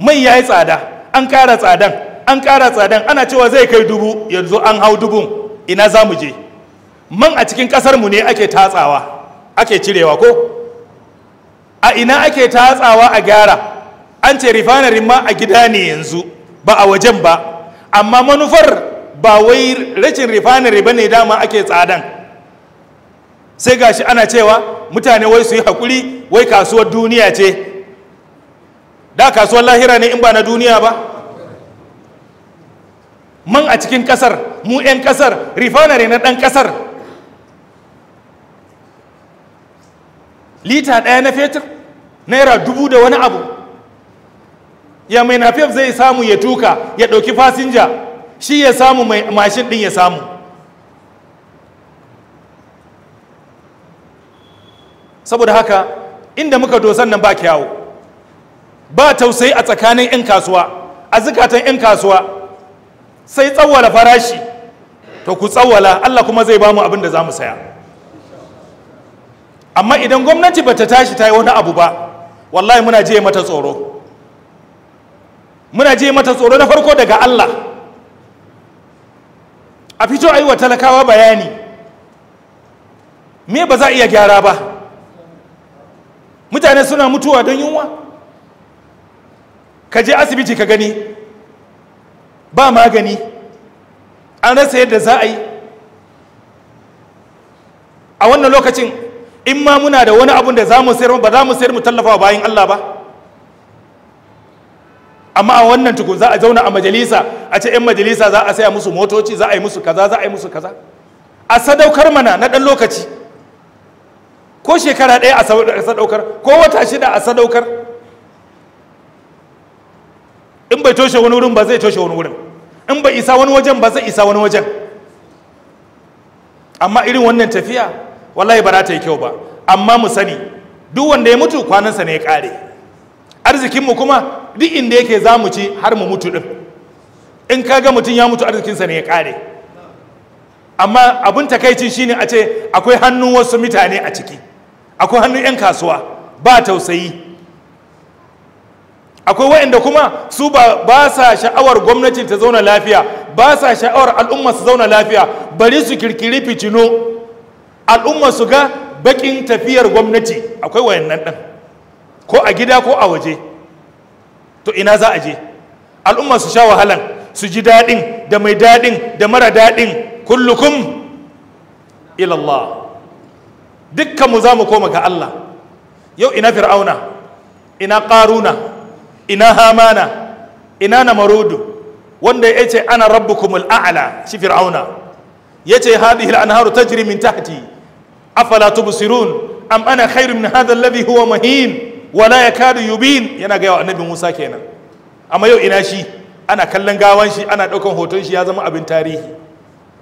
mai ya yi tsada an ƙara tsadan an ƙara tsadan ana cewa zai kai dubu yanzu an hau dubu, ina za mu je man a cikin mu ne ake tatsawa ake cirewa ko a ina ake tatsawa a gyara an ce rifanarin ma a gida ne yanzu ba a wajen ba amma manufar ba wai rashin rifanari ba ne dama ake tsadan sai gashi ana cewa mutane wai su yi haƙuri wai kasuwar duniya ce da kasuwar lahira ne in ba na duniya ba man a cikin kasar mu 'yan kasar refinery na ɗan kasar lita ɗaya na fetur naira dubu da wani abu ya mai nafef zai samu ya tuka ya ɗauki fasinja shi ya samu mai mashin ɗin ya samu saboda haka inda muka dosan nan ba kyawu ba tausayi a tsakanin 'yan kasuwa a zikatan 'yan kasuwa sai tsawwala farashi to ku tsawwala Allah kuma zai bamu abin da za mu saya amma idan gwamnati bata tashi ta yi wani abu ba wallahi muna je mata tsoro muna je mata tsoro na farko daga Allah a fito a yi wa talakawa bayani me ba za a iya gyara ba mutane suna mutuwa don yunwa ka je asibiti ka gani ba magani an rasa yadda za a yi a wannan lokacin in ma muna da wani abun da za mu sayar ba za mu sayar mu tallafa bayan Allah ba amma a wannan tukun za a zauna a majalisa a ce 'yan majalisa za a saya musu motoci za a yi musu kaza za a yi musu kaza a sadaukar mana na ɗan lokaci ko shekara ɗaya a sadaukar ko wata shida a sadaukar in bai toshe wani wurin ba zai toshe wani wurin in bai isa wani wajen ba zai isa wani wajen amma irin wannan tafiya wallahi ba za ta yi kyau ba amma mu sani duk wanda ya mutu kwanansa ne ya kare arzikin mu kuma duk inda yake za mu ci har mu mutu din in ka ga mutum ya mutu arzikinsa ne ya kare amma abin takaicin shine a ce akwai hannun wasu mutane a ciki akwai hannun 'yan kasuwa ba tausayi akwai waɗanda kuma su ba ba sa sha'awar gwamnatin ta zauna lafiya ba sa sha'awar al'umma su zauna lafiya bari su kirkiri ficino al'umma su ga bakin tafiyar gwamnati akwai wayannan ɗan ko a gida ko a waje to ina za a je al'umma su sha wahalan su ji daɗin da mai daɗin da mara daɗin kullukum ilallah mu za mu koma ga Allah yau ina fir'auna ina ƙaruna ina hamana ina marudu wanda ya ce ana rabbukumul a'la shi fir'auna ya ce hadhihi al-anharu tajri min tahti afala tubsirun am ana khairu min hadha alladhi huwa mahin wa la yakadu yubin yana ga annabi Musa kenan amma yau ina shi ana kallon gawan shi ana daukan hoton shi ya zama abin tarihi